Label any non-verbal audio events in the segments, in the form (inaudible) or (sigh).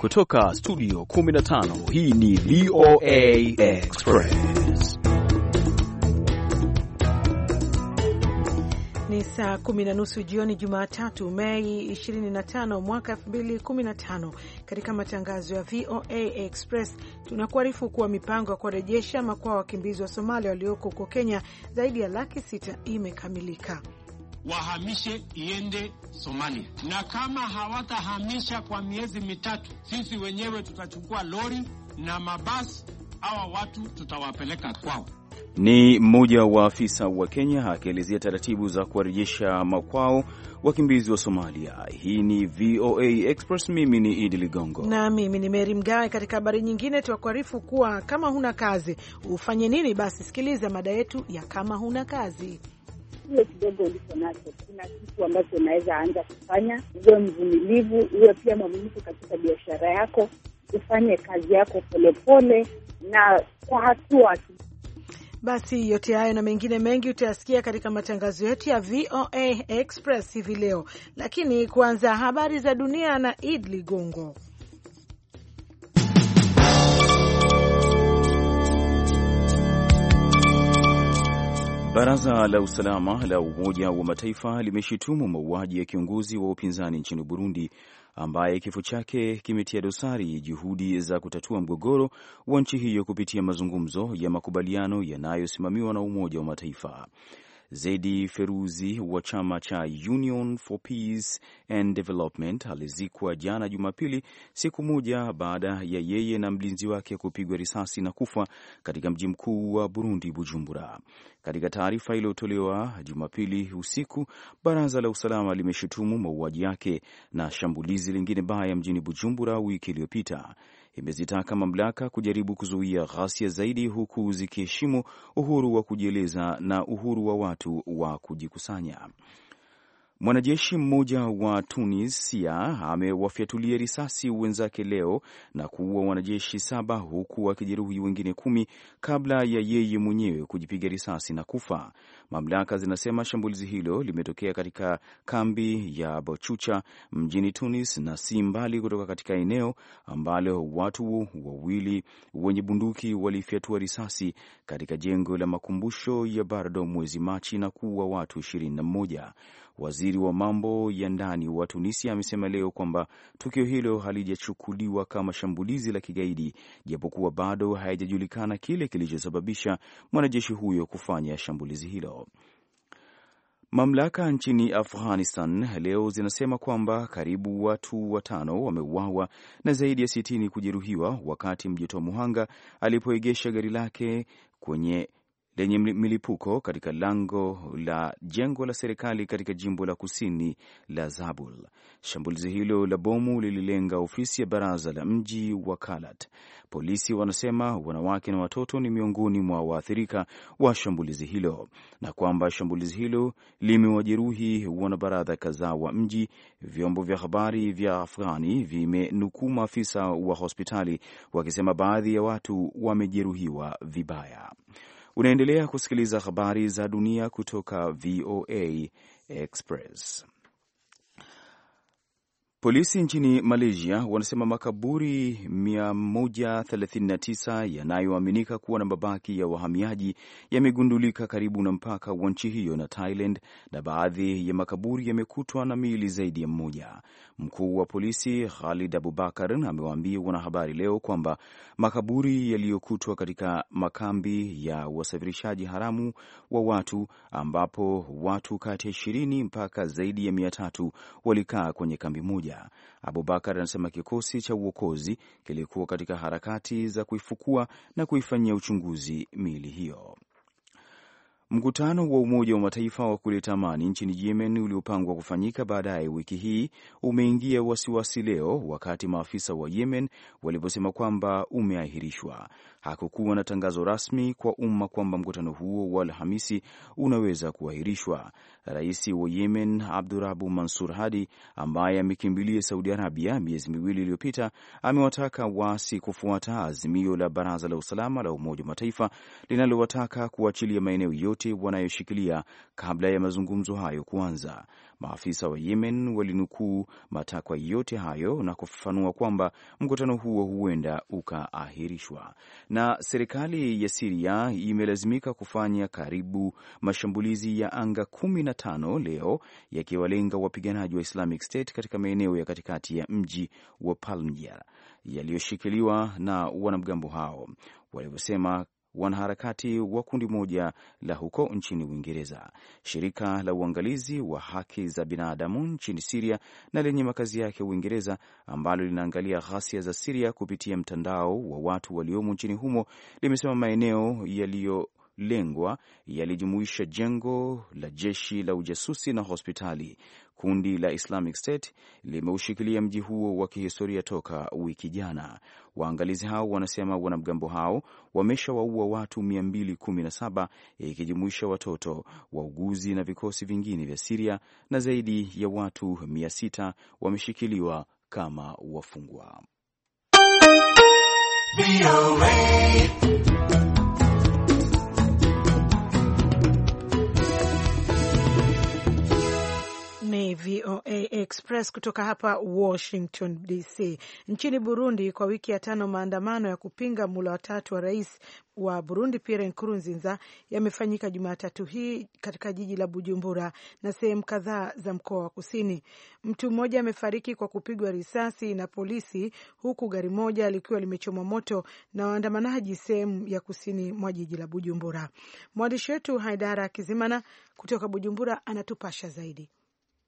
Kutoka studio 15 hii ni VOA Express. Ni saa kumi na nusu jioni Jumatatu, Mei 25 mwaka 2015. Katika matangazo ya VOA Express tunakuarifu kuwa mipango ya kuwarejesha makwao wakimbizi wa Somalia walioko huko Kenya zaidi ya laki sita imekamilika wahamishe iende Somalia, na kama hawatahamisha kwa miezi mitatu, sisi wenyewe tutachukua lori na mabasi, hawa watu tutawapeleka kwao. Ni mmoja wa afisa wa Kenya akielezea taratibu za kuwarejesha makwao wakimbizi wa Somalia. Hii ni VOA Express. Mimi ni Idi Ligongo na mimi ni Meri Mgawe. Katika habari nyingine, tuwakuarifu kuwa kama huna kazi ufanye nini? Basi sikiliza mada yetu ya kama huna kazi kile kidogo ulicho nacho, kuna kitu ambacho unaweza anza kufanya. Uwe mvumilivu, uwe pia mwaminifu katika biashara yako, ufanye kazi yako polepole na kwa hatua. Basi yote hayo na mengine mengi utayasikia katika matangazo yetu ya VOA Express hivi leo, lakini kwanza habari za dunia na Id Ligongo. Baraza la usalama la Umoja wa Mataifa limeshitumu mauaji ya kiongozi wa upinzani nchini Burundi ambaye kifo chake kimetia dosari juhudi za kutatua mgogoro wa nchi hiyo kupitia mazungumzo ya makubaliano yanayosimamiwa na Umoja wa Mataifa. Zedi Feruzi wa chama cha Union for Peace and Development alizikwa jana Jumapili, siku moja baada ya yeye na mlinzi wake kupigwa risasi na kufa katika mji mkuu wa Burundi, Bujumbura. Katika taarifa iliyotolewa Jumapili usiku, baraza la usalama limeshutumu mauaji yake na shambulizi lingine baya mjini Bujumbura wiki iliyopita imezitaka mamlaka kujaribu kuzuia ghasia zaidi huku zikiheshimu uhuru wa kujieleza na uhuru wa watu wa kujikusanya. Mwanajeshi mmoja wa Tunisia amewafyatulia risasi wenzake leo na kuua wanajeshi saba huku wakijeruhi wengine kumi kabla ya yeye mwenyewe kujipiga risasi na kufa. Mamlaka zinasema shambulizi hilo limetokea katika kambi ya Bochucha mjini Tunis na si mbali kutoka katika eneo ambalo watu wawili wenye bunduki walifyatua risasi katika jengo la makumbusho ya Bardo mwezi Machi na kuua watu ishirini na mmoja. Waziri wa mambo ya ndani wa Tunisia amesema leo kwamba tukio hilo halijachukuliwa kama shambulizi la kigaidi, japokuwa bado hayajajulikana kile kilichosababisha mwanajeshi huyo kufanya shambulizi hilo. Mamlaka nchini Afghanistan leo zinasema kwamba karibu watu watano wameuawa na zaidi ya sitini kujeruhiwa wakati mjitoa muhanga alipoegesha gari lake kwenye lenye milipuko katika lango la jengo la serikali katika jimbo la kusini la Zabul. Shambulizi hilo la bomu lililenga ofisi ya baraza la mji wa Kalat. Polisi wanasema wanawake na watoto ni miongoni mwa waathirika wa shambulizi hilo na kwamba shambulizi hilo limewajeruhi wanabaraza kadhaa wa mji. Vyombo vya habari vya Afghani vimenukuu maafisa wa hospitali wakisema baadhi ya watu wamejeruhiwa vibaya. Unaendelea kusikiliza habari za dunia kutoka VOA Express. Polisi nchini Malaysia wanasema makaburi 139 yanayoaminika kuwa na mabaki ya wahamiaji yamegundulika karibu na mpaka wa nchi hiyo na Thailand, na baadhi ya makaburi yamekutwa na miili zaidi ya mmoja. Mkuu wa polisi Khalid Abubakar amewaambia wanahabari leo kwamba makaburi yaliyokutwa katika makambi ya wasafirishaji haramu wa watu, ambapo watu kati ya ishirini mpaka zaidi ya mia tatu walikaa kwenye kambi moja moja. Abubakar anasema kikosi cha uokozi kilikuwa katika harakati za kuifukua na kuifanyia uchunguzi miili hiyo. Mkutano wa Umoja wa Mataifa wa kuleta amani nchini Yemen uliopangwa kufanyika baadaye wiki hii umeingia wasiwasi leo wakati maafisa wa Yemen waliposema kwamba umeahirishwa hakukuwa na tangazo rasmi kwa umma kwamba mkutano huo wa Alhamisi unaweza kuahirishwa. Rais wa Yemen Abdurabu Mansur Hadi, ambaye amekimbilia Saudi Arabia miezi miwili iliyopita, amewataka waasi kufuata azimio la Baraza la Usalama la Umoja wa Mataifa linalowataka kuachilia maeneo yote wanayoshikilia kabla ya mazungumzo hayo kuanza. Maafisa wa Yemen walinukuu matakwa yote hayo na kufafanua kwamba mkutano huo huenda ukaahirishwa. Na serikali ya Siria imelazimika kufanya karibu mashambulizi ya anga kumi na tano leo yakiwalenga wapiganaji wa Islamic State katika maeneo ya katikati ya mji wa Palmyra yaliyoshikiliwa na wanamgambo hao walivyosema wanaharakati wa kundi moja la huko nchini Uingereza. Shirika la uangalizi wa haki za binadamu nchini Siria na lenye makazi yake Uingereza, ambalo linaangalia ghasia za Siria kupitia mtandao wa watu waliomo nchini humo, limesema maeneo yaliyo lengwa yalijumuisha jengo la jeshi la ujasusi na hospitali. Kundi la Islamic State limeushikilia mji huo wa kihistoria toka wiki jana. Waangalizi hao wanasema wanamgambo hao wameshawaua watu 217 ikijumuisha watoto, wauguzi na vikosi vingine vya Siria, na zaidi ya watu 600 wameshikiliwa kama wafungwa. VOA Express kutoka hapa Washington DC. Nchini Burundi, kwa wiki ya tano, maandamano ya kupinga mula watatu wa rais wa Burundi Pierre Nkurunziza yamefanyika Jumatatu hii katika jiji la Bujumbura na sehemu kadhaa za mkoa wa Kusini. Mtu mmoja amefariki kwa kupigwa risasi na polisi, huku gari moja likiwa limechomwa moto na waandamanaji sehemu ya kusini mwa jiji la Bujumbura. Mwandishi wetu Haidara Kizimana kutoka Bujumbura anatupasha zaidi.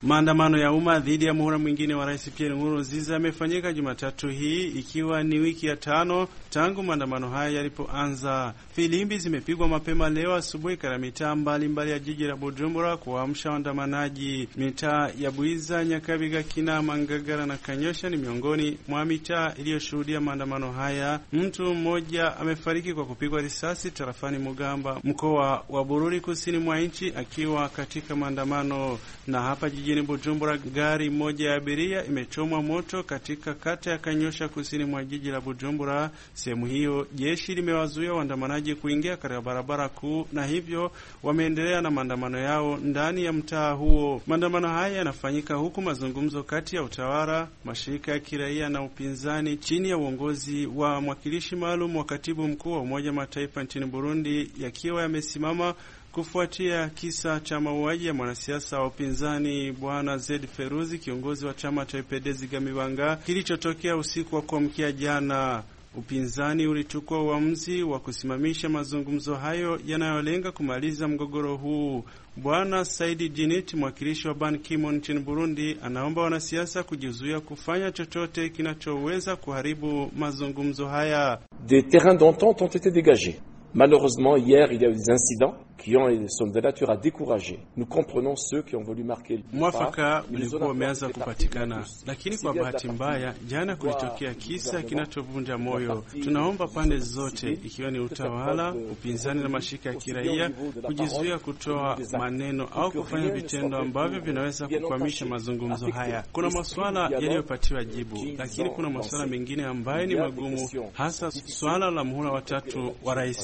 Maandamano ya umma dhidi ya muhula mwingine wa rais Pierre Nkurunziza yamefanyika Jumatatu hii ikiwa ni wiki ya tano tangu maandamano haya yalipoanza. Filimbi zimepigwa mapema leo asubuhi katika mitaa mbalimbali ya jiji la Bujumbura kuwaamsha waandamanaji. Mitaa ya Bwiza, Nyakabiga, Kinama, Ngagara na Kanyosha ni miongoni mwa mitaa iliyoshuhudia maandamano haya. Mtu mmoja amefariki kwa kupigwa risasi tarafani Mugamba, mkoa wa Bururi, kusini mwa nchi, akiwa katika maandamano. Na hapa jiji Mjini Bujumbura, gari moja ya abiria imechomwa moto katika kata ya Kanyosha, kusini mwa jiji la Bujumbura. Sehemu hiyo jeshi limewazuia waandamanaji kuingia katika barabara kuu, na hivyo wameendelea na maandamano yao ndani ya mtaa huo. Maandamano haya yanafanyika huku mazungumzo kati ya utawala, mashirika ya kiraia na upinzani chini ya uongozi wa mwakilishi maalum wa katibu mkuu wa Umoja Mataifa nchini Burundi yakiwa yamesimama kufuatia kisa cha mauaji ya mwanasiasa wa upinzani Bwana Zed Feruzi, kiongozi wa chama cha UPD Zigamibanga, kilichotokea usiku wa kuamkia jana. Upinzani ulichukua uamuzi wa kusimamisha mazungumzo hayo yanayolenga kumaliza mgogoro huu. Bwana Saidi Jinit, mwakilishi wa Ban ki nchini Burundi, anaomba wanasiasa kujizuia kufanya chochote kinachoweza kuharibu mazungumzo haya. Des terrains d'entente ont été degages malheureusement hier il y a eu des incidents Kion sont de nature à décourager. Nous comprenons ceux qui ont voulu marquer mwafaka ulikuwa umeanza kupatikana, lakini kwa bahati mbaya jana kulitokea kisa kinachovunja moyo. Tunaomba pande zote, ikiwa ni utawala, upinzani na mashirika ya kiraia, kujizuia kutoa maneno au kufanya vitendo ambavyo vinaweza kukwamisha mazungumzo haya. Kuna masuala yaliyopatiwa jibu, lakini kuna masuala mengine ambayo ni magumu, hasa swala la muhula watatu wa rais.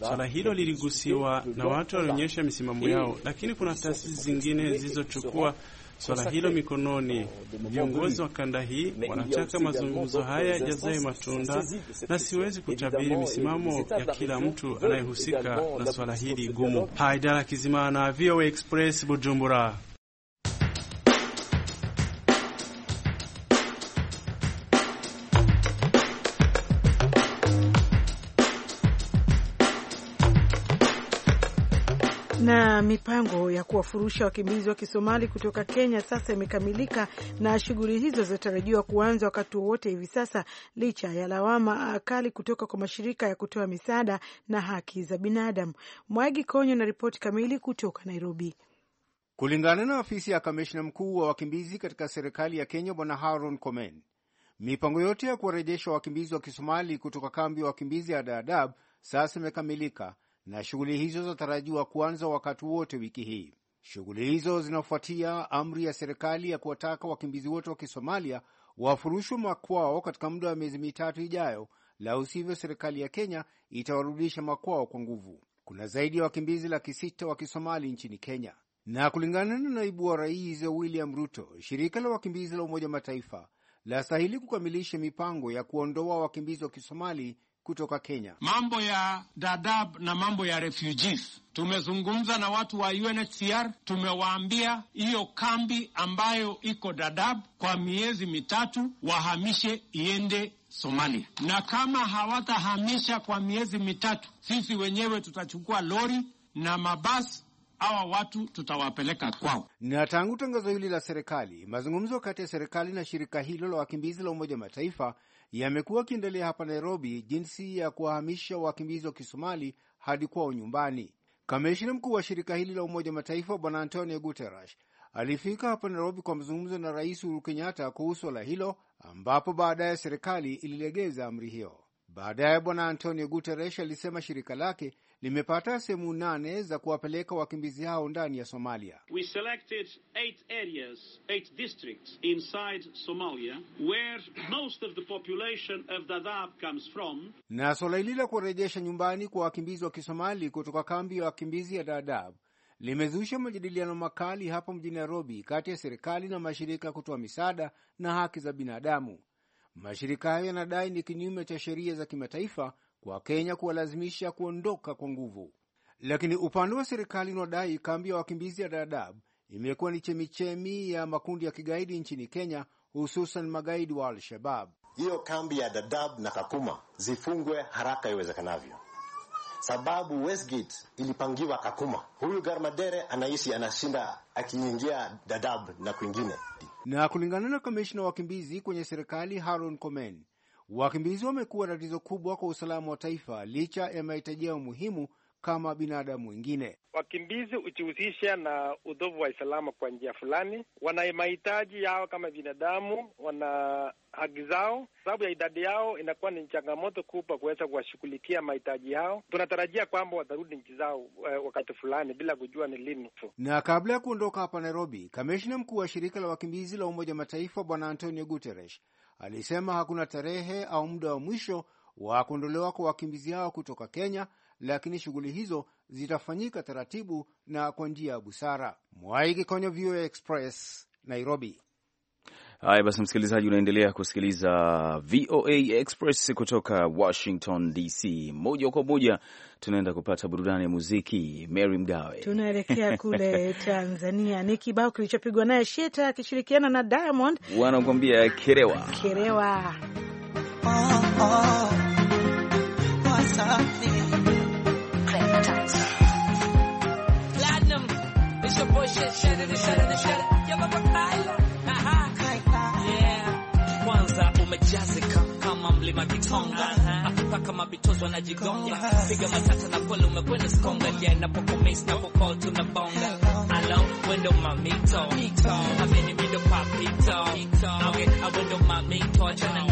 Swala hilo liligusiwa na watu walionyesha misimamo yao, lakini kuna taasisi zingine zilizochukua swala hilo mikononi. Viongozi wa kanda hii wanataka mazungumzo haya yazae matunda, na siwezi kutabiri misimamo ya kila mtu anayehusika na swala hili gumu. Haidara Kizimana, VOA Express, Bujumbura. Na mm. mipango ya kuwafurusha wakimbizi wa Kisomali kutoka Kenya sasa imekamilika na shughuli hizo zinatarajiwa kuanza wakati wowote hivi sasa, licha ya lawama kali kutoka kwa mashirika ya kutoa misaada na haki za binadamu. Mwagi Konyo na ripoti kamili kutoka Nairobi. Kulingana na ofisi ya kamishna mkuu wa wakimbizi katika serikali ya Kenya, Bwana Harun Komen, mipango yote ya kuwarejesha wakimbizi wa Kisomali kutoka kambi ya wakimbizi ya Dadaab sasa imekamilika na shughuli hizo zinatarajiwa kuanza wakati wote wiki hii. Shughuli hizo zinafuatia amri ya serikali ya kuwataka wakimbizi wote wa Kisomalia wafurushwe makwao katika muda wa miezi mitatu ijayo, la usivyo serikali ya Kenya itawarudisha makwao kwa nguvu. Kuna zaidi ya wakimbizi laki sita wa Kisomali nchini Kenya, na kulingana na naibu wa rais William Ruto, shirika la wakimbizi la Umoja Mataifa lastahili kukamilisha mipango ya kuondoa wakimbizi wa Kisomali kutoka Kenya. Mambo ya Dadaab na mambo ya refugees tumezungumza na watu wa UNHCR, tumewaambia hiyo kambi ambayo iko Dadaab kwa miezi mitatu wahamishe iende Somalia, na kama hawatahamisha kwa miezi mitatu, sisi wenyewe tutachukua lori na mabasi hawa watu tutawapeleka kwao. Na tangu tangazo hili la serikali, mazungumzo kati ya serikali na shirika hilo la wakimbizi la Umoja Mataifa yamekuwa akiendelea hapa Nairobi, jinsi ya kuwahamisha wakimbizi wa Kisomali hadi kwao nyumbani. Kamishina mkuu wa shirika hili la Umoja wa Mataifa Bwana Antonio Guterres alifika hapa Nairobi kwa mazungumzo na Rais Uhuru Kenyatta kuhusu swala hilo, ambapo baadaye serikali ililegeza amri hiyo. Baadaye Bwana Antonio Guterres alisema shirika lake limepata sehemu nane za kuwapeleka wakimbizi hao ndani ya Somalia. We selected eight areas, eight districts inside Somalia where most of the population of Dadaab comes from. Na suala hili la kuwarejesha nyumbani kwa wakimbizi wa Kisomali kutoka kambi ya wakimbizi ya Dadaab limezusha majadiliano makali hapo mjini Nairobi kati ya serikali na mashirika ya kutoa misaada na haki za binadamu. Mashirika hayo yanadai ni kinyume cha sheria za kimataifa kwa Kenya kuwalazimisha kuondoka kwa nguvu. Lakini upande wa serikali unaodai kambi ya wakimbizi ya Dadaab imekuwa ni chemichemi ya makundi ya kigaidi nchini Kenya, hususan magaidi wa Al-Shabab. Hiyo kambi ya Dadaab na Kakuma zifungwe haraka iwezekanavyo, sababu Westgate ilipangiwa Kakuma. Huyu Garmadere anaishi anashinda akiingia Dadaab na kwingine. Na kulingana na kamishina wa wakimbizi kwenye serikali Haron Komen, Wakimbizi wamekuwa tatizo kubwa kwa usalama wa taifa licha ya mahitaji yao muhimu kama binadamu wengine. Wakimbizi hujihusisha na utovu wa usalama kwa njia fulani, wana mahitaji yao kama binadamu, wana haki zao. Sababu ya idadi yao inakuwa ni changamoto kubwa kuweza kuwashughulikia mahitaji yao. Tunatarajia kwamba watarudi nchi zao e, wakati fulani bila kujua ni lini. Na kabla ya kuondoka hapa Nairobi, kamishna mkuu wa shirika la wakimbizi la Umoja Mataifa Bwana Antonio Guterres alisema hakuna tarehe au muda wa mwisho wa kuondolewa kwa wakimbizi hao kutoka Kenya, lakini shughuli hizo zitafanyika taratibu na kwa njia ya busara. mwaiki kwenye VOA Express, Nairobi. Haya basi, msikilizaji, unaendelea kusikiliza VOA Express kutoka Washington DC. Moja kwa moja tunaenda kupata burudani ya muziki. Mary Mgawe, tunaelekea (laughs) kule Tanzania. Ni kibao kilichopigwa naye Sheta akishirikiana na Diamond, wanakuambia kerewa, kerewa. Oh, oh, Platinum. Jessica kama mlima Kitonga uh -huh. Afrika kama bitozo wanajigonga uh-huh. piga matata na kweli umekwenda skonga je napokomesi napokol tunabonga alo wendo mamito ameni mido papito awe awendo uh, mamito chana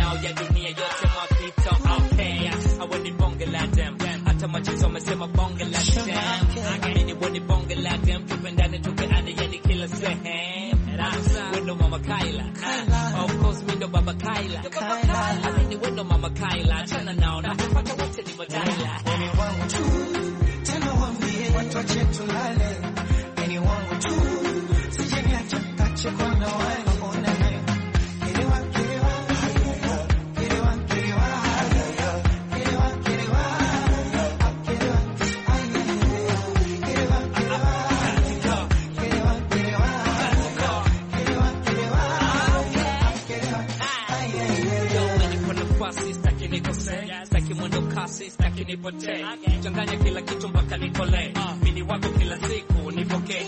nikosee, staki mwendo kasi, staki nipotee, changanya kila kitu mpaka nikole, mini wako kila siku nipokee,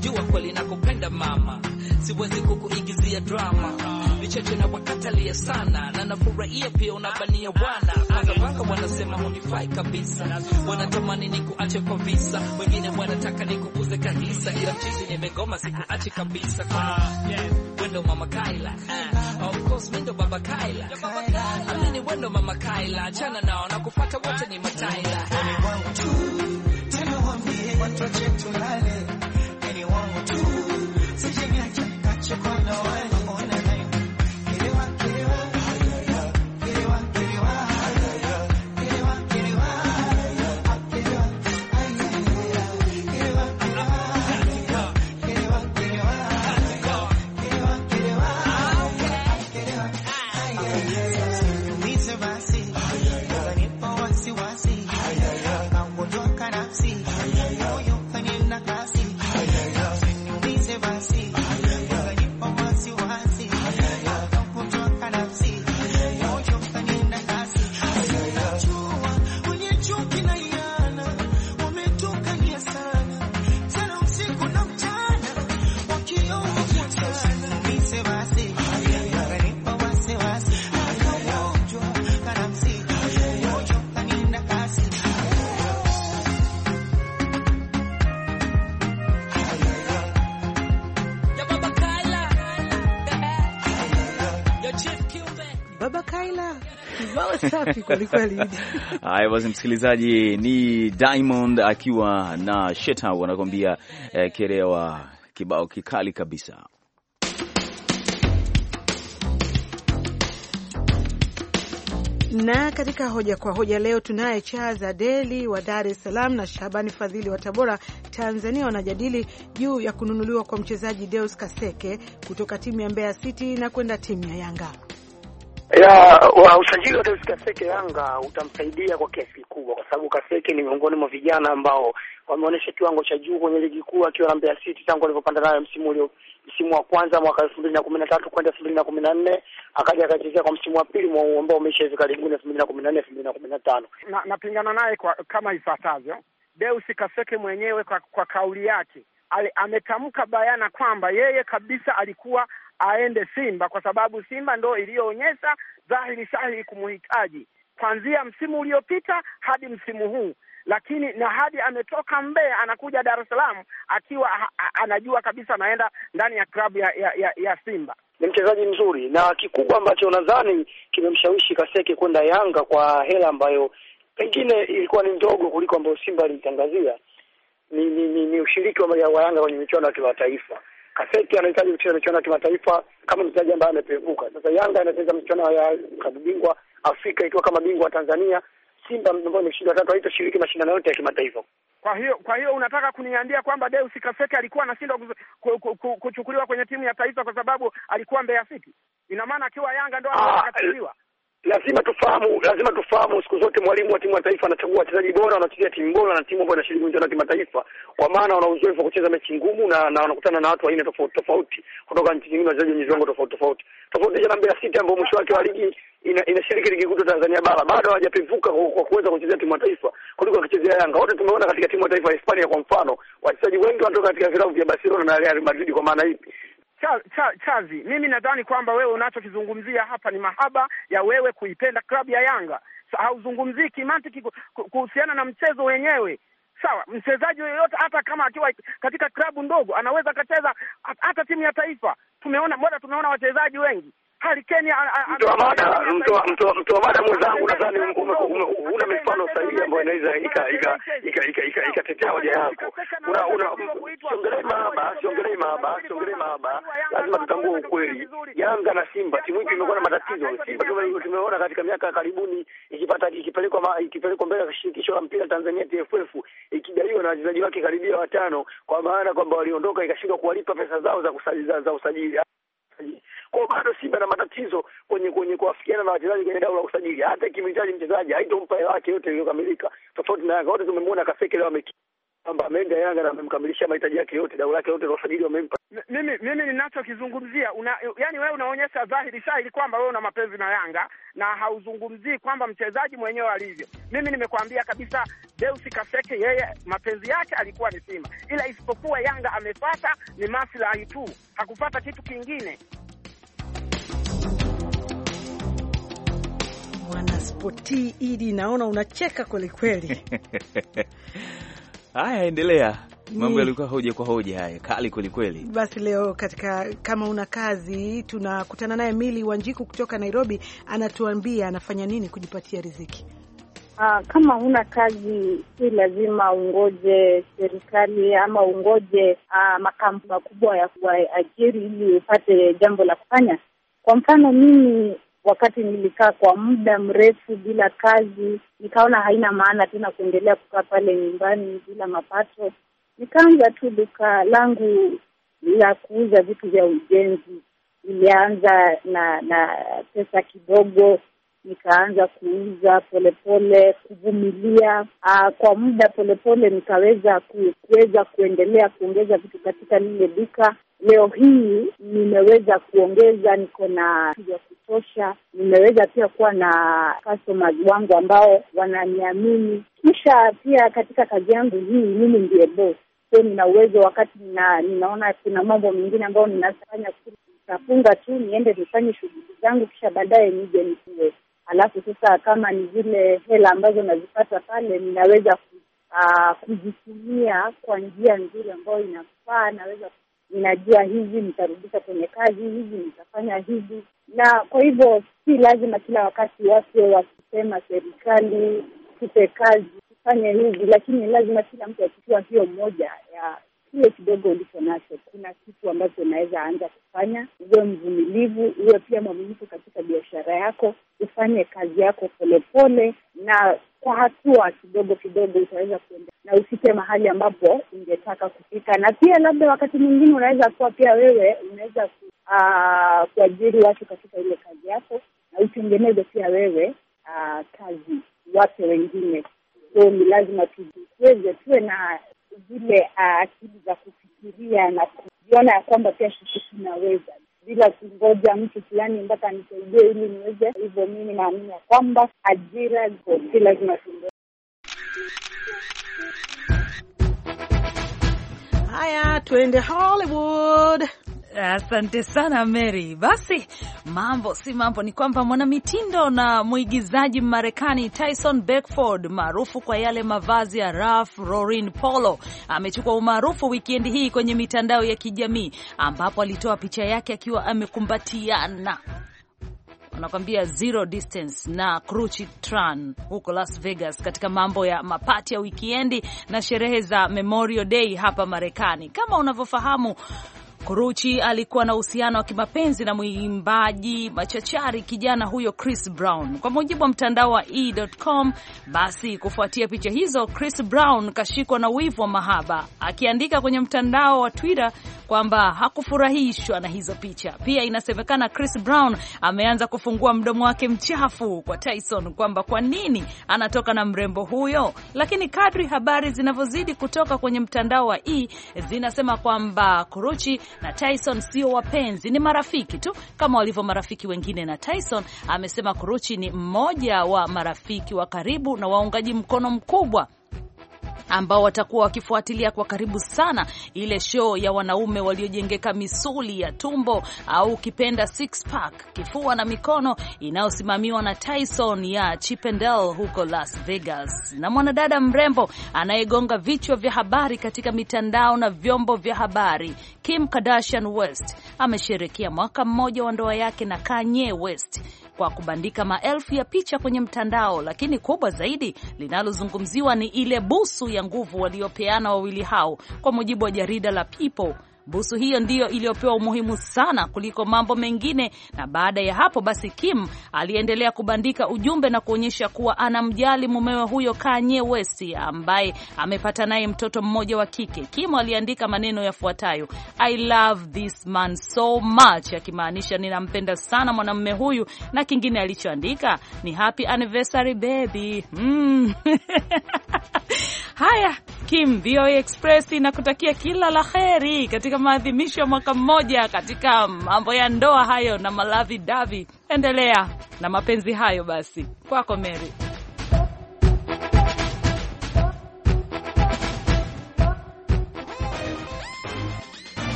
jua kweli nakupenda mama, siwezi kukuigizia drama, vicheche na wakatalia sana, na nafurahia pia unabania bwana pangapanga, wanasema hunifai kabisa, wanatamani nikuache kwa visa, wengine wanataka ni nikukuze kanisa ila chizi nimegoma, sikuachi kabisa, kwani wendo mama Kaila, of course wendo baba Kaila mwendo mama Kaila, chana nao na kupata wote ni mataila. Ni wangu tu, tena waambie watu wache tulale. Ni wangu tu, sije niache kache safi Haya basi, msikilizaji, ni Diamond akiwa na Sheta wanakuambia eh, kerewa kibao kikali kabisa. Na katika hoja kwa hoja leo tunaye Charles Adeli wa Dar es Salaam na Shabani Fadhili wa Tabora, Tanzania. Wanajadili juu ya kununuliwa kwa mchezaji Deus Kaseke kutoka timu ya Mbeya City na kwenda timu ya Yanga ya wa usajili wa Davis Kaseke Yanga utamsaidia kwa kiasi kikubwa, kwa sababu Kaseke ni miongoni mwa vijana ambao wameonyesha kiwango cha juu kwenye ligi kuu akiwa na Mbeya City tangu alipopanda nayo msimu ulio msimu wa kwanza mwaka elfu mbili na kumi na tatu kwenda elfu mbili na kumi na nne akaja akachezea kwa msimu wa pili ambao umeisha hivi karibuni elfu mbili na kumi na nne elfu mbili na kumi na tano Napingana naye kwa kama ifuatavyo. Deus Kaseke mwenyewe kwa, kwa kauli yake ametamka bayana kwamba yeye kabisa alikuwa aende Simba kwa sababu Simba ndo iliyoonyesha dhahiri shahiri kumuhitaji kuanzia msimu uliopita hadi msimu huu lakini na hadi ametoka Mbeya anakuja Dar es Salaam akiwa anajua kabisa anaenda ndani ya klabu ya, ya, ya Simba. Ni mchezaji mzuri, na kikubwa ambacho nadhani kimemshawishi Kaseke kwenda Yanga kwa hela ambayo pengine ilikuwa ni ndogo kuliko ambayo Simba alimtangazia ni, ni, ni, ni ushiriki wa Yanga kwenye michuano ya kimataifa. Kaseti anahitaji kucheza michuano ya kimataifa kama mchezaji ambaye amepevuka. Sasa Yanga anacheza michuano ya klabu bingwa Afrika ikiwa kama bingwa Tanzania. Simba ambayo imeshinda tatu haitashiriki mashindano yote ya kimataifa. Kwa hiyo kwa hiyo unataka kuniambia kwamba Deus Kaseke alikuwa anashindwa kuchukuliwa kwenye timu ya taifa kwa sababu alikuwa Mbeya City? Ina maana akiwa Yanga ndo ah, anakatiliwa? lazima tufahamu, lazima tufahamu siku zote mwalimu wa timu ya taifa anachagua wachezaji bora wanaochezea timu bora na timu ambayo inashiriki michuano ya kimataifa, kwa maana wana uzoefu wa kucheza mechi ngumu na na wanakutana na watu wa aina tofauti tofauti kutoka nchi nyingine, wachezaji wenye viwango tofauti tofauti tofauti. Jana Mbeya City ambayo mwisho wake wa ligi ina, inashiriki ligi kuu Tanzania bara bado hawajapevuka kwa kuweza kuchezea timu ya taifa kuliko akichezea Yanga. Wote tumeona katika timu ya taifa ya Hispania kwa mfano, wachezaji wengi wanatoka katika vilabu vya Barcelona na Real Madrid. Kwa maana hii Chazi, cha, chazi, mimi nadhani kwamba wewe unachokizungumzia hapa ni mahaba ya wewe kuipenda klabu ya Yanga. Hauzungumzii kimantiki kuhusiana na mchezo wenyewe. Sawa, mchezaji yoyote hata kama akiwa katika klabu ndogo anaweza akacheza hata timu ya taifa. Tumeona moda tumeona wachezaji wengi mtoa mada mwenzangu, nadhani una mifano sahihi ambayo inaweza ikatetea hoja yako. Siongelei mahaba, siongelei mahaba, siongelei mahaba, lazima tutambue ukweli. Yanga na Simba, timu hiyo imekuwa na matatizo. Simba tumeona katika miaka ya karibuni ikipata ikipelekwa ikipelekwa mbele ya shirikisho la mpira Tanzania TFF, ikidaiwa na wachezaji wake karibia watano, kwa maana kwamba waliondoka ikashindwa kuwalipa pesa zao za usajili kwa bado Simba na matatizo kwenye kwenye kuwafikiana na wachezaji kwenye dau la usajili. Hata kimhitaji mchezaji haitompa hela yake yote iliyokamilika, tofauti na Yanga. Wote tumemwona Kaseke leo kwamba ameenda Yanga na amemkamilisha mahitaji yake yote, dau lake yote la usajili wamempa. Mimi mimi ninachokizungumzia una, yani wewe unaonyesha dhahiri shahiri kwamba wewe una mapenzi na Yanga na hauzungumzii kwamba mchezaji mwenyewe alivyo. Mimi nimekwambia kabisa Deus Kaseke, yeye mapenzi yake alikuwa ni Simba, ila isipokuwa Yanga amepata ni maslahi tu, hakupata kitu kingine. mwanaspoti Idi, naona unacheka kwelikweli. (laughs) Haya, endelea. Mambo yalikuwa hoja kwa hoja, haya kali kwelikweli. Basi leo katika kama una kazi, tunakutana naye Mili Wanjiku kutoka Nairobi, anatuambia anafanya nini kujipatia riziki. Aa, ah, kama huna kazi si lazima ungoje serikali ama ungoje ah, makampuni makubwa ya kuajiri ili upate jambo la kufanya. Kwa mfano mimi wakati nilikaa kwa muda mrefu bila kazi, nikaona haina maana tena kuendelea kukaa pale nyumbani bila mapato. Nikaanza tu duka langu la kuuza vitu vya ujenzi. ilianza na na pesa kidogo, nikaanza kuuza polepole, kuvumilia ah, kwa muda polepole, nikaweza kuweza kuendelea kuongeza vitu katika lile duka Leo hii nimeweza kuongeza, niko na ya kutosha, nimeweza pia kuwa na customers wangu ambao wananiamini. Kisha pia katika kazi yangu hii mimi ndiye boss, so nina uwezo wakati nina, ninaona kuna mambo mengine ambayo ninafanya, nitafunga tu niende nifanye shughuli zangu, kisha baadaye nije nikuwe. Alafu sasa kama ni zile hela ambazo nazipata pale ninaweza ah, kuzitumia kwa njia nzuri ambayo inafaa, naweza ninajua hivi nitarudisha kwenye kazi, hivi nitafanya hivi, na kwa hivyo si lazima kila wakati wake wakisema serikali tupe kazi tufanye hivi, lakini lazima kila mtu akikiwa hiyo moja ya kile kidogo ulicho nacho, kuna kitu ambacho unaweza anza kufanya. Uwe mvumilivu, uwe pia mwaminifu katika biashara yako, ufanye kazi yako polepole pole, na kwa hatua kidogo kidogo utaweza kuenda na ufike mahali ambapo ungetaka kufika. Na pia labda wakati mwingine unaweza kuwa pia wewe unaweza ah, kuajiri watu katika ile kazi yako, na utengeneze pia wewe aa, ah, kazi wape wengine. So ni lazima tujiweze, tuwe na zile ah, akili za kufikiria na kujiona ya kwamba pia sisi tunaweza bila kungoja mtu fulani mpaka nisaidie ili niweze hivyo. Mimi naamini ya kwamba ajira ziko, si lazima tungoja. Haya, tuende Hollywood. Asante sana Mary. Basi mambo si mambo, ni kwamba mwanamitindo na mwigizaji Marekani Tyson Beckford maarufu kwa yale mavazi ya Ralph Lauren Polo amechukua umaarufu wikendi hii kwenye mitandao ya kijamii ambapo alitoa picha yake akiwa amekumbatiana anakwambia zero distance na Cruchi Tran huko Las Vegas, katika mambo ya mapati ya wikiendi na sherehe za Memorial Day hapa Marekani. Kama unavyofahamu Kuruchi alikuwa na uhusiano wa kimapenzi na mwimbaji machachari kijana huyo Chris Brown, kwa mujibu wa mtandao wa e.com. Basi kufuatia picha hizo, Chris Brown kashikwa na wivu wa mahaba, akiandika kwenye mtandao wa Twitter kwamba hakufurahishwa na hizo picha. Pia inasemekana Chris Brown ameanza kufungua mdomo wake mchafu kwa Tyson kwamba kwa nini anatoka na mrembo huyo, lakini kadri habari zinavyozidi kutoka kwenye mtandao wa e zinasema kwamba Kuruchi na Tyson sio wapenzi, ni marafiki tu kama walivyo marafiki wengine. Na Tyson amesema Kuruchi ni mmoja wa marafiki wa karibu na waungaji mkono mkubwa ambao watakuwa wakifuatilia kwa karibu sana ile show ya wanaume waliojengeka misuli ya tumbo au ukipenda six pack, kifua na mikono inayosimamiwa na Tyson ya Chipendel huko Las Vegas, na mwanadada mrembo anayegonga vichwa vya habari katika mitandao na vyombo vya habari Kim Kardashian West amesherekea mwaka mmoja wa ndoa yake na Kanye West kwa kubandika maelfu ya picha kwenye mtandao, lakini kubwa zaidi linalozungumziwa ni ile busu ya nguvu waliopeana wawili hao, kwa mujibu wa jarida la People Busu hiyo ndiyo iliyopewa umuhimu sana kuliko mambo mengine, na baada ya hapo basi Kim aliendelea kubandika ujumbe na kuonyesha kuwa anamjali mumewe huyo Kanye West ambaye amepata naye mtoto mmoja wa kike. Kim aliandika maneno yafuatayo: I love this man so much, akimaanisha ninampenda sana mwanamume huyu, na kingine alichoandika ni happy anniversary baby mm. (laughs) Haya, Kim VOA Express inakutakia kila la heri katika maadhimisho ya mwaka mmoja katika mambo ya ndoa hayo na malavi davi. Endelea na mapenzi hayo. Basi kwako Mary.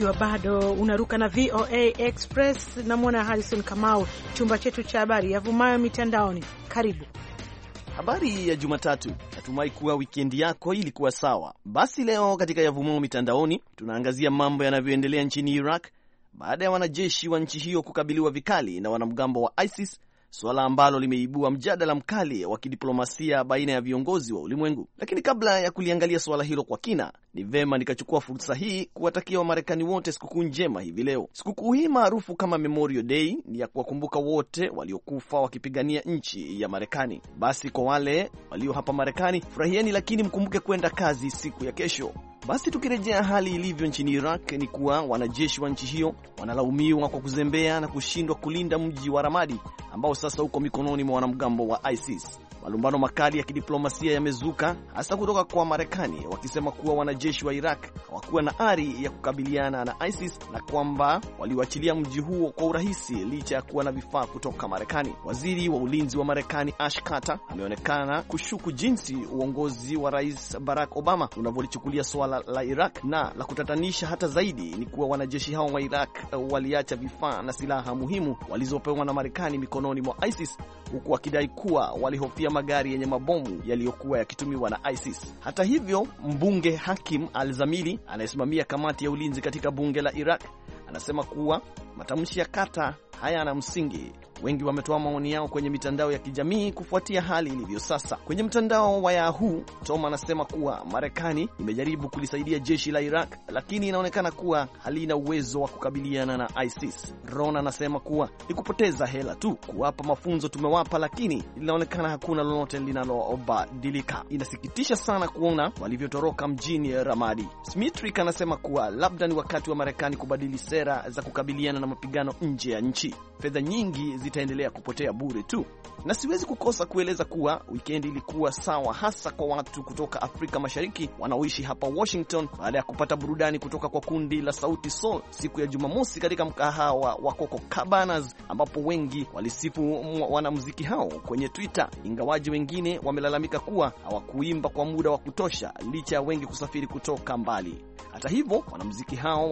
ukiwa bado unaruka na VOA Express. Namwona Harrison Kamau, chumba chetu cha habari yavumayo mitandaoni. Karibu. Habari ya Jumatatu. Natumai kuwa wikendi yako ilikuwa sawa. Basi leo katika yavumao mitandaoni tunaangazia mambo yanavyoendelea nchini Iraq baada ya wanajeshi wa nchi hiyo kukabiliwa vikali na wanamgambo wa ISIS suala ambalo limeibua mjadala mkali wa kidiplomasia baina ya viongozi wa ulimwengu. Lakini kabla ya kuliangalia suala hilo kwa kina, ni vema nikachukua fursa hii kuwatakia Wamarekani wote sikukuu njema hivi leo. Sikukuu hii maarufu kama Memorial Day ni ya kuwakumbuka wote waliokufa wakipigania nchi ya Marekani. Basi kwa wale walio hapa Marekani, furahieni, lakini mkumbuke kwenda kazi siku ya kesho. Basi tukirejea hali ilivyo nchini Iraq ni kuwa wanajeshi wa nchi hiyo wanalaumiwa kwa kuzembea na kushindwa kulinda mji wa Ramadi ambao sasa uko mikononi mwa wanamgambo wa ISIS. Malumbano makali ya kidiplomasia yamezuka hasa kutoka kwa Marekani, wakisema kuwa wanajeshi wa Iraq hawakuwa na ari ya kukabiliana na ISIS na kwamba waliwachilia mji huo kwa urahisi licha ya kuwa na vifaa kutoka Marekani. Waziri wa ulinzi wa Marekani Ash Carter ameonekana kushuku jinsi uongozi wa Rais Barack Obama unavyolichukulia suala la Iraq, na la kutatanisha hata zaidi ni kuwa wanajeshi hao wa Iraq waliacha vifaa na silaha muhimu walizopewa na Marekani mikononi mwa ISIS, huku wakidai kuwa walihofia ya magari yenye mabomu yaliyokuwa yakitumiwa na ISIS. Hata hivyo, mbunge Hakim Al-Zamili anayesimamia kamati ya ulinzi katika bunge la Iraq anasema kuwa matamshi ya Kata hayana msingi Wengi wametoa maoni yao kwenye mitandao ya kijamii kufuatia hali ilivyo sasa. Kwenye mtandao wa Yahoo, Tom anasema kuwa Marekani imejaribu kulisaidia jeshi la Iraq, lakini inaonekana kuwa halina uwezo wa kukabiliana na ISIS. Ron anasema kuwa ni kupoteza hela tu, kuwapa mafunzo tumewapa, lakini linaonekana hakuna lolote linalobadilika. Inasikitisha sana kuona walivyotoroka mjini Ramadi. Smitrik anasema kuwa labda ni wakati wa Marekani kubadili sera za kukabiliana na mapigano nje ya nchi. Fedha nyingi zitaendelea kupotea bure tu, na siwezi kukosa kueleza kuwa wikendi ilikuwa sawa hasa kwa watu kutoka Afrika Mashariki wanaoishi hapa Washington baada ya kupata burudani kutoka kwa kundi la Sauti Sol siku ya Jumamosi katika mkahawa wa Coco Cabanas, ambapo wengi walisifu wanamuziki hao kwenye Twitter, ingawaji wengine wamelalamika kuwa hawakuimba kwa muda wa kutosha licha ya wengi kusafiri kutoka mbali. Hata hivyo, wanamuziki hao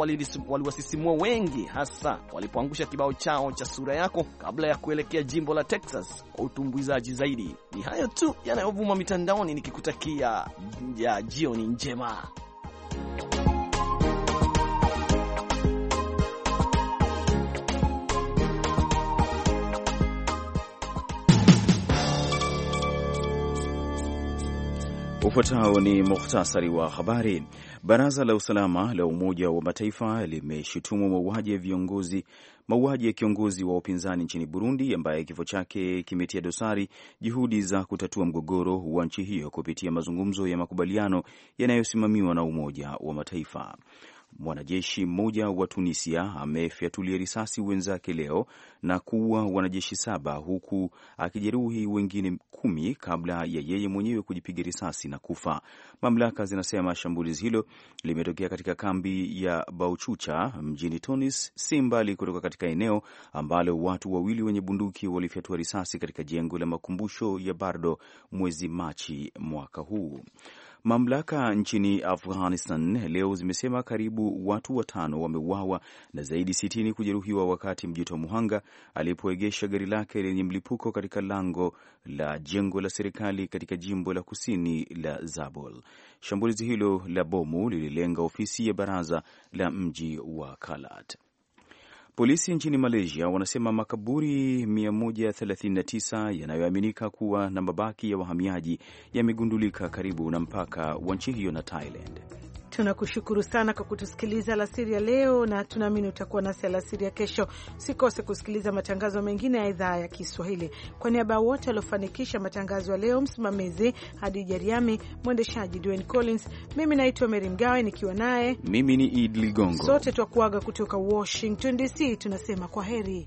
waliwasisimua wengi, hasa walipoangusha kibao chao cha sura yako kabla ya kuelekea jimbo la Texas kwa utumbuizaji zaidi. Ni hayo tu yanayovuma mitandaoni, nikikutakia ya jioni njema. Ufuatao ni muhtasari wa habari. Baraza la usalama la Umoja wa Mataifa limeshutumu mauaji ya viongozi mauaji ya kiongozi wa upinzani nchini Burundi ambaye kifo chake kimetia dosari juhudi za kutatua mgogoro wa nchi hiyo kupitia mazungumzo ya makubaliano yanayosimamiwa na Umoja wa Mataifa. Mwanajeshi mmoja wa Tunisia amefyatulia risasi wenzake leo na kuua wanajeshi saba huku akijeruhi wengine kumi kabla ya yeye mwenyewe kujipiga risasi na kufa. Mamlaka zinasema shambulizi hilo limetokea katika kambi ya Bauchucha mjini Tunis, si mbali kutoka katika eneo ambalo watu wawili wenye bunduki walifyatua risasi katika jengo la makumbusho ya Bardo mwezi Machi mwaka huu. Mamlaka nchini Afghanistan leo zimesema karibu watu watano wameuawa na zaidi sitini kujeruhiwa wakati mjito muhanga alipoegesha gari lake lenye mlipuko katika lango la jengo la serikali katika jimbo la kusini la Zabul. Shambulizi hilo la bomu lililenga ofisi ya baraza la mji wa Kalat. Polisi nchini Malaysia wanasema makaburi 139 yanayoaminika kuwa na mabaki ya wahamiaji yamegundulika karibu na mpaka wa nchi hiyo na Thailand. Tunakushukuru sana kwa kutusikiliza alasiri ya leo, na tunaamini utakuwa nasi alasiri ya kesho. sikose kusikiliza matangazo mengine ya idhaa ya Kiswahili. Kwa niaba ya wote waliofanikisha matangazo ya leo, msimamizi Hadija Riami, mwendeshaji Dwayne Collins, mimi naitwa Meri Mgawe nikiwa naye mimi ni Idi Ligongo, sote twakuaga kutoka Washington DC tunasema kwa heri.